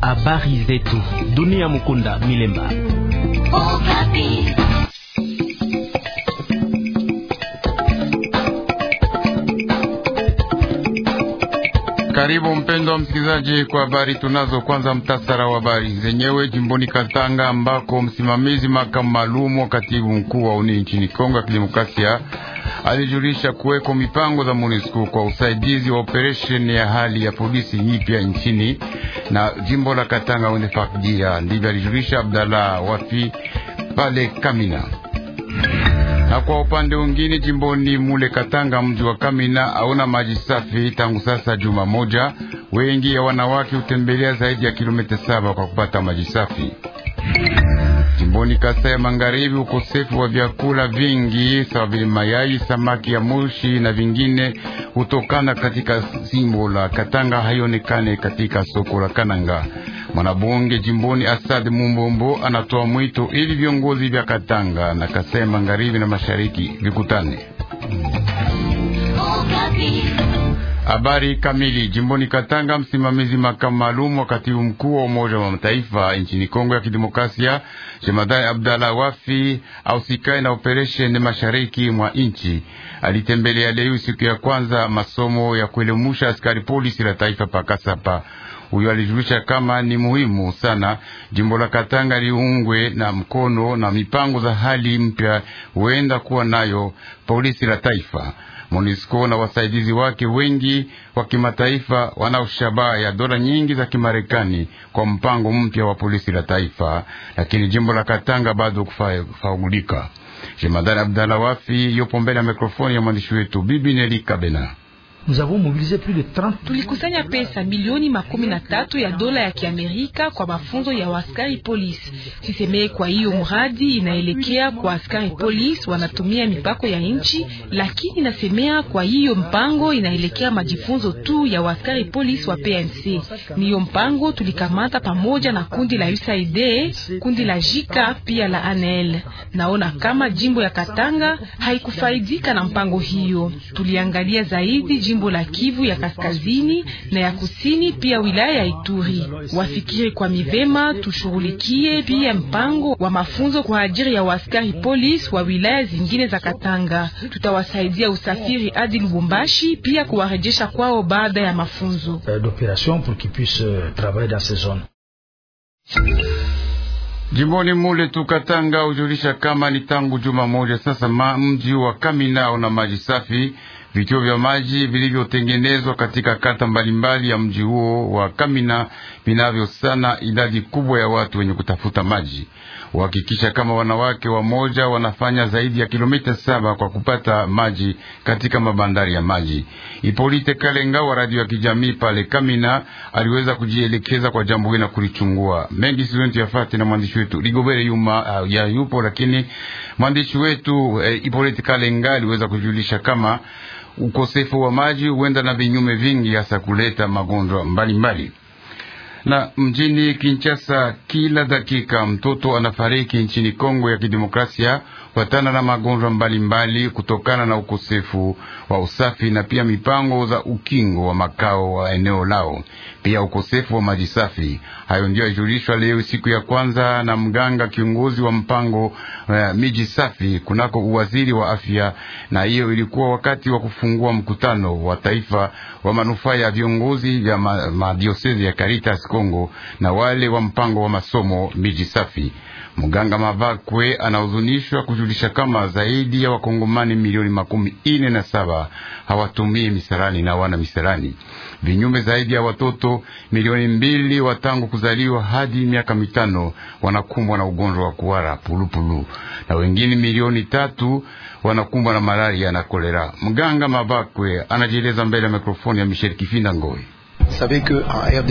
Habari zetu dunia, Mukunda Milemba. Okapi. Karibu mpendo wa msikilizaji kwa habari tunazo. Kwanza mtasara wa habari zenyewe. Jimboni Katanga ambako msimamizi makamu maalumu wa katibu mkuu wa uni nchini Kongo ya Kidemokrasia alijulisha kuweko mipango za MONUSCO kwa usaidizi wa operesheni ya hali ya polisi nyipya nchini na jimbo la Katanga wene fakjia. Ndivyo alijulisha Abdalla Wafi pale Kamina. Na kwa upande mwingine jimboni mule Katanga, mji wa Kamina hauna maji safi tangu sasa juma moja. Wengi ya wanawake hutembelea zaidi ya kilomita saba kwa kupata maji safi. Jimboni kasa ya Magharibi, ukosefu wa vyakula vingi sawa vile mayai, samaki ya moshi na vingine hutokana katika simbo la Katanga haionekane katika soko la Kananga. Mwanabunge jimboni Asad Mumbombo anatoa mwito ili viongozi vya Katanga na ya Magharibi na Mashariki vikutane. Oh, Habari kamili jimboni Katanga, msimamizi makamu maalum wa katibu mkuu wa Umoja wa Mataifa nchini Kongo ya Kidemokrasia, jemadari Abdallah Wafi ausikae na operesheni mashariki mwa nchi, alitembelea leo siku ya kwanza masomo ya kuelemusha askari polisi la taifa Pakasapa. Huyo alijulisha kama ni muhimu sana jimbo la Katanga liungwe na mkono na mipango za hali mpya huenda kuwa nayo polisi la taifa. MONUSCO na wasaidizi wake wengi wa kimataifa wanaoshabaa ya dola nyingi za Kimarekani kwa mpango mpya wa polisi la taifa, lakini jimbo la Katanga bado kufaugulika. Jemadari Abdalla Wafi yupo mbele ya mikrofoni ya mwandishi wetu Bibi Neli Kabena. Tulikusanya pesa milioni makumi na tatu ya dola ya Kiamerika kwa mafunzo ya waskari polisi. Sisemee kwa hiyo mradi inaelekea kwa askari polisi wanatumia mipako ya nchi, lakini nasemea kwa hiyo mpango inaelekea majifunzo tu ya waskari polisi wa PNC. Niyo mpango tulikamata pamoja na kundi la USAID, kundi la Jika pia la ANL. Naona kama jimbo ya Katanga haikufaidika na mpango hiyo. Tuliangalia zaidi jimbo la Kivu ya kaskazini na ya kusini, pia wilaya ya Ituri. Wafikiri kwa mivema, tushughulikie pia mpango wa mafunzo kwa ajili ya waskari polisi wa wilaya zingine za Katanga. Tutawasaidia usafiri hadi Lubumbashi, pia kuwarejesha kwao baada ya mafunzo. Euh, euh, Jimboni mule tukatanga ujulisha kama ni tangu juma moja sasa, mji wa Kamina una maji safi Vituo vya maji vilivyotengenezwa katika kata mbalimbali ya mji huo wa Kamina vinavyo sana idadi kubwa ya watu wenye kutafuta maji. Uhakikisha kama wanawake wamoja wanafanya zaidi ya kilomita saba kwa kupata maji katika mabandari ya maji. Ipolite Kalenga wa radio ya kijamii pale Kamina aliweza kujielekeza kwa jambo hili na kulichungua mengi silenti yafati na mwandishi wetu Ligobere Yuma uh, ya yupo, lakini mwandishi wetu uh, eh, Ipolite Kalenga aliweza kujulisha kama ukosefu wa maji huenda na vinyume vingi, hasa kuleta magonjwa mbalimbali. Na mjini Kinshasa, kila dakika mtoto anafariki nchini Kongo ya Kidemokrasia kufuatana na magonjwa mbalimbali kutokana na ukosefu wa usafi na pia mipango za ukingo wa makao wa eneo lao, pia ukosefu wa maji safi. Hayo ndio yajulishwa leo siku ya kwanza na mganga kiongozi wa mpango uh, miji safi kunako uwaziri wa afya, na hiyo ilikuwa wakati wa kufungua mkutano wa taifa wa manufaa ya viongozi vya madiosezi ma ya Caritas Kongo na wale wa mpango wa masomo miji safi. Mganga Mavakwe anahuzunishwa kujulisha kama zaidi ya wakongomani milioni makumi ine na saba hawatumii misarani na wana misarani. Vinyume zaidi ya watoto milioni mbili watangu kuzaliwa hadi miaka mitano wanakumbwa na ugonjwa wa kuwara pulupulu, na wengine milioni tatu wanakumbwa na malaria na kolera. Mganga Mavakwe anajieleza mbele ya mikrofoni ya Michel Kifinda Ngoi.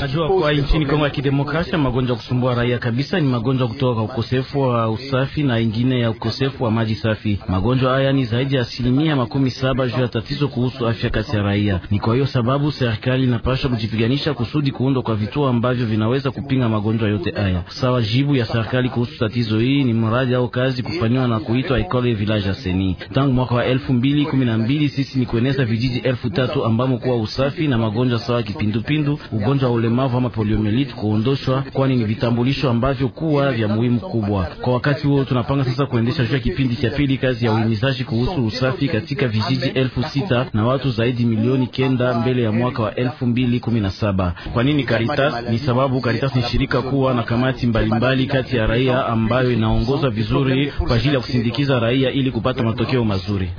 Najua kwa nchini Kongo ya Kidemokrasia magonjwa ya kusumbua raia kabisa ni magonjwa kutoka kwa ukosefu wa usafi na ingine ya ukosefu wa maji safi. Magonjwa haya ni zaidi ya asilimia makumi saba juu ya tatizo kuhusu afya kati ya raia. Ni kwa hiyo sababu serikali inapasha kujipiganisha kusudi kuundwa kwa vituo ambavyo vinaweza kupinga magonjwa yote haya. Sawa, jibu ya serikali kuhusu tatizo hii ni mradi au kazi kufanywa na kuitwa Ecole Village ya Seni tangu mwaka wa elfu mbili kumi na mbili sisi ni kueneza vijiji elfu tatu ambamo kuwa usafi na magonjwa sawa kipindi kipindupindu, ugonjwa wa ulemavu ama poliomyelitis kuondoshwa, kwani ni vitambulisho ambavyo kuwa vya muhimu kubwa. Kwa wakati huo, tunapanga sasa kuendesha juu ya kipindi cha pili kazi ya uhimizaji kuhusu usafi katika vijiji elfu sita na watu zaidi milioni kenda mbele ya mwaka wa elfu mbili kumi na saba. Kwa nini Caritas? Ni sababu Caritas ni shirika kuwa na kamati mbalimbali kati ya raia ambayo inaongoza vizuri kwa ajili ya kusindikiza raia ili kupata matokeo mazuri.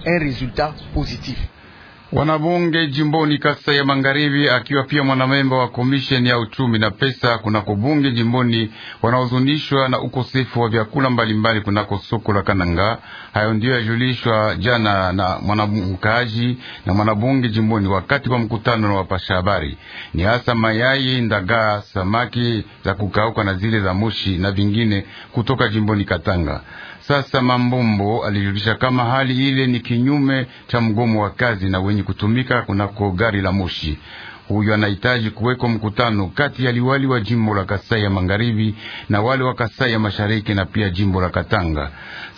Wanabunge jimboni Kasai ya Magharibi, akiwa pia mwanamemba wa komisheni ya uchumi na pesa kunako bunge jimboni, wanaozunishwa na ukosefu wa vyakula mbalimbali kunako soko la Kananga. Hayo ndiyo yajulishwa jana na mwanamkaji na mwanabunge jimboni wakati wa mkutano na wapasha habari. Ni hasa mayai, ndagaa, samaki za kukauka na zile za moshi na vingine kutoka jimboni Katanga. Sasa Mambombo alijulisha kama hali ile ni kinyume cha mgomo wa kazi na wenye kutumika kunako gari la moshi. Huyo anahitaji kuweko mkutano kati ya liwali wa jimbo la Kasai ya Magharibi na wale wa Kasai ya Mashariki na pia jimbo la Katanga.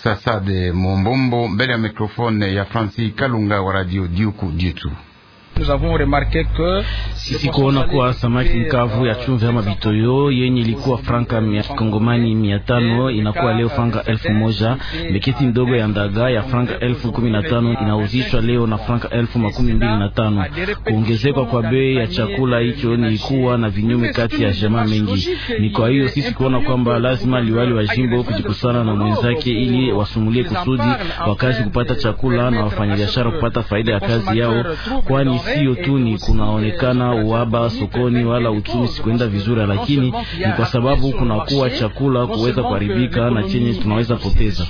Sasade Mombombo mbele ya mikrofone ya Francis Kalunga wa Radio Diuku Jitu sisi kuona kuwa samaki mkavu ya euh, chumvi ama bitoyo yenye ilikuwa franka mia kongomani mia tano inakuwa leo franka elfu moja. Meketi ndogo ya ndaga ya franka elfu kumi na tano inauzishwa leo na franka elfu makumi mbili na tano. Kuongezeka kwa bei ya chakula hicho ni kuwa na vinyume kati ya jamaa mengi. Ni kwa hiyo sisi kuona kwamba lazima liwali wa jimbo kujikusana na mwenzake ili wasumulie kusudi wakazi kupata chakula na wafanyabiashara kupata faida ya kazi yao kwani sio tu ni kunaonekana uhaba sokoni wala uchumi sikuenda vizuri, lakini ni kwa sababu kunakuwa chakula kuweza kuharibika na chenye tunaweza poteza.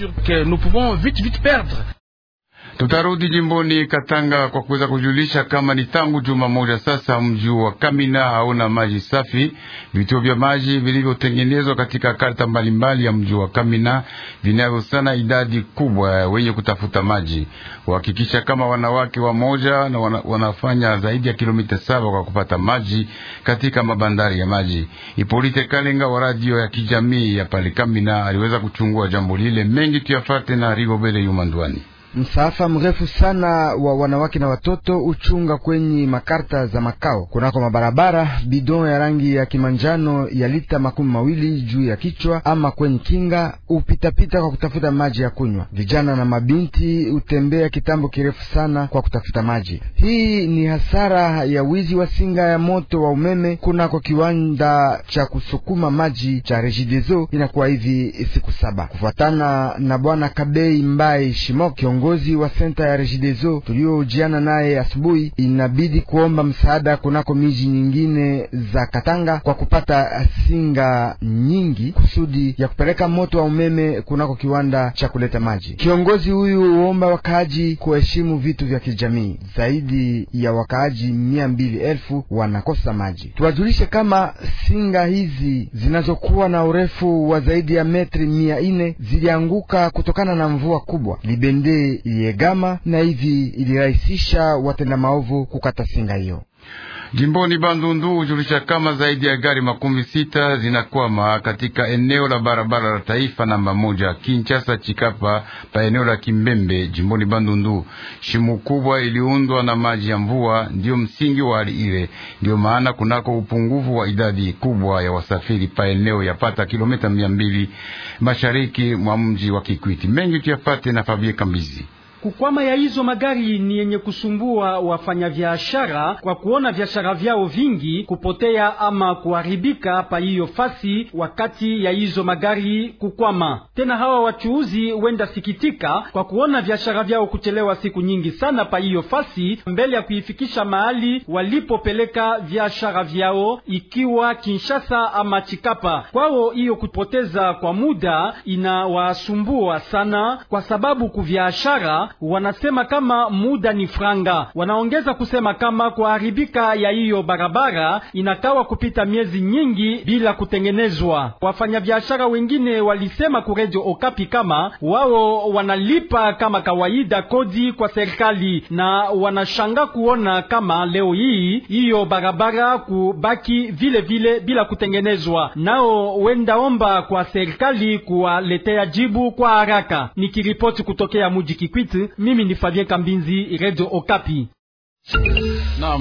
Tutarudi jimboni Katanga kwa kuweza kujulisha kama ni tangu juma moja sasa mji wa Kamina hauna maji safi. Vituo vya maji vilivyotengenezwa katika karta mbalimbali ya mji wa Kamina vinavyo sana idadi kubwa wenye kutafuta maji, kuhakikisha kama wanawake wamoja na wana, wanafanya zaidi ya kilomita saba kwa kupata maji katika mabandari ya maji. Ipolite Kalenga wa radio ya kijamii ya pale Kamina aliweza kuchungua jambo lile. Mengi tuyafate na Rigobele Yumandwani msaafa mrefu sana wa wanawake na watoto uchunga kwenye makarta za makao kunako mabarabara. Bidon ya rangi ya kimanjano ya lita makumi mawili juu ya kichwa ama kwenye kinga, upitapita kwa kutafuta maji ya kunywa. Vijana na mabinti hutembea kitambo kirefu sana kwa kutafuta maji. Hii ni hasara ya wizi wa singa ya moto wa umeme kunako kiwanda cha kusukuma maji cha Regideso, inakuwa hivi siku saba kufuatana na bwana Kabei Mbai Shimo kiongo kiongozi wa senta ya Rejidezo tuliyoujiana naye asubuhi, inabidi kuomba msaada kunako miji nyingine za Katanga kwa kupata singa nyingi kusudi ya kupeleka moto wa umeme kunako kiwanda cha kuleta maji. Kiongozi huyu huomba wakaaji kuheshimu vitu vya kijamii. Zaidi ya wakaaji mia mbili elfu wanakosa maji. Tuwajulishe kama singa hizi zinazokuwa na urefu wa zaidi ya metri mia nne zilianguka kutokana na mvua kubwa Libende iliyegama na hivi ilirahisisha watenda maovu kukata singa hiyo. Jimboni Bandundu hujulisha kama zaidi ya gari makumi sita zinakwama katika eneo la barabara la taifa namba moja Kinchasa Chikapa pa eneo la Kimbembe jimboni Bandundu. Shimo kubwa iliundwa na maji ya mvua ndiyo msingi wa hali ile, ndiyo maana kunako upungufu wa idadi kubwa ya wasafiri pa eneo pata kilomita mia mbili mashariki mwa mji wa Kikwiti. Mengi tuyapate na Fabie Kambizi. Kukwama ya hizo magari ni yenye kusumbua wafanya wafanyabiashara kwa kuona biashara vyao vingi kupotea ama kuharibika pa hiyo fasi, wakati ya hizo magari kukwama. Tena hawa wachuuzi wenda sikitika kwa kuona biashara vyao kuchelewa siku nyingi sana pa hiyo fasi, mbele ya kuifikisha mahali walipopeleka biashara vyao, ikiwa Kinshasa ama Chikapa. Kwao hiyo kupoteza kwa muda inawasumbua sana, kwa sababu kuviashara wanasema kama muda ni franga. Wanaongeza kusema kama kuharibika ya hiyo barabara inakawa kupita miezi nyingi bila kutengenezwa. Wafanyabiashara wengine walisema ku Radio Okapi kama wao wanalipa kama kawaida kodi kwa serikali, na wanashanga kuona kama leo hii hiyo barabara kubaki vile vile bila kutengenezwa. Nao wendaomba kwa serikali kuwaletea jibu kwa haraka. Nikiripoti kutokea muji Kikwiti. Mimi ni Fabien Kambinzi, Radio Okapi.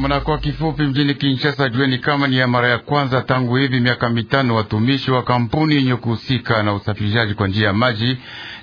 Na kwa kifupi mjini Kinshasa, jueni kama ni ya mara ya kwanza tangu hivi miaka mitano, watumishi wa kampuni yenye kuhusika na usafirishaji kwa njia ya maji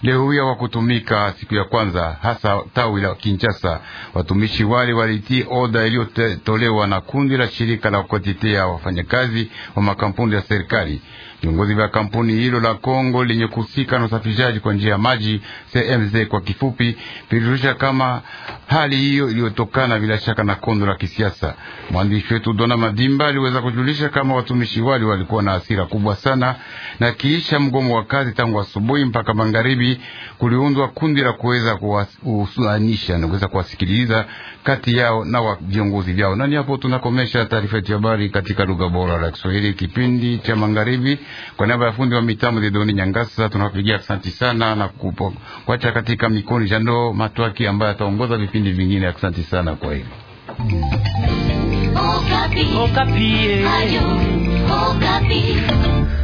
leo wa kutumika siku ya kwanza, hasa tawi la Kinshasa. Watumishi wale walitii oda iliyotolewa na kundi la shirika la kutetea wafanyakazi wa makampuni ya serikali. Viongozi vya kampuni hilo la Kongo lenye kuhusika na usafirishaji kwa njia ya maji CMZ kwa kifupi, vilirusha kama hali hiyo iliyotokana bila shaka na kondo la kisiasa. Mwandishi wetu Dona Madimba aliweza kujulisha kama watumishi wale walikuwa na hasira kubwa sana, na kiisha mgomo wa kazi tangu asubuhi mpaka magharibi, kuliundwa kundi la kuweza kuwasulanisha na kuweza kuwasikiliza kati yao na viongozi vyao. Nani hapo, tunakomesha taarifa yetu ya habari katika lugha bora la Kiswahili, kipindi cha magharibi. Kwa niaba ya fundi wa mitambo Dedoni Nyangasa, tunawapigia asanti sana na kupo katika mikoni Jando Matwaki ambaye ataongoza vipindi vingine. Asanti sana kwa hilo. Okapi. Okapi. Eh. Okapi.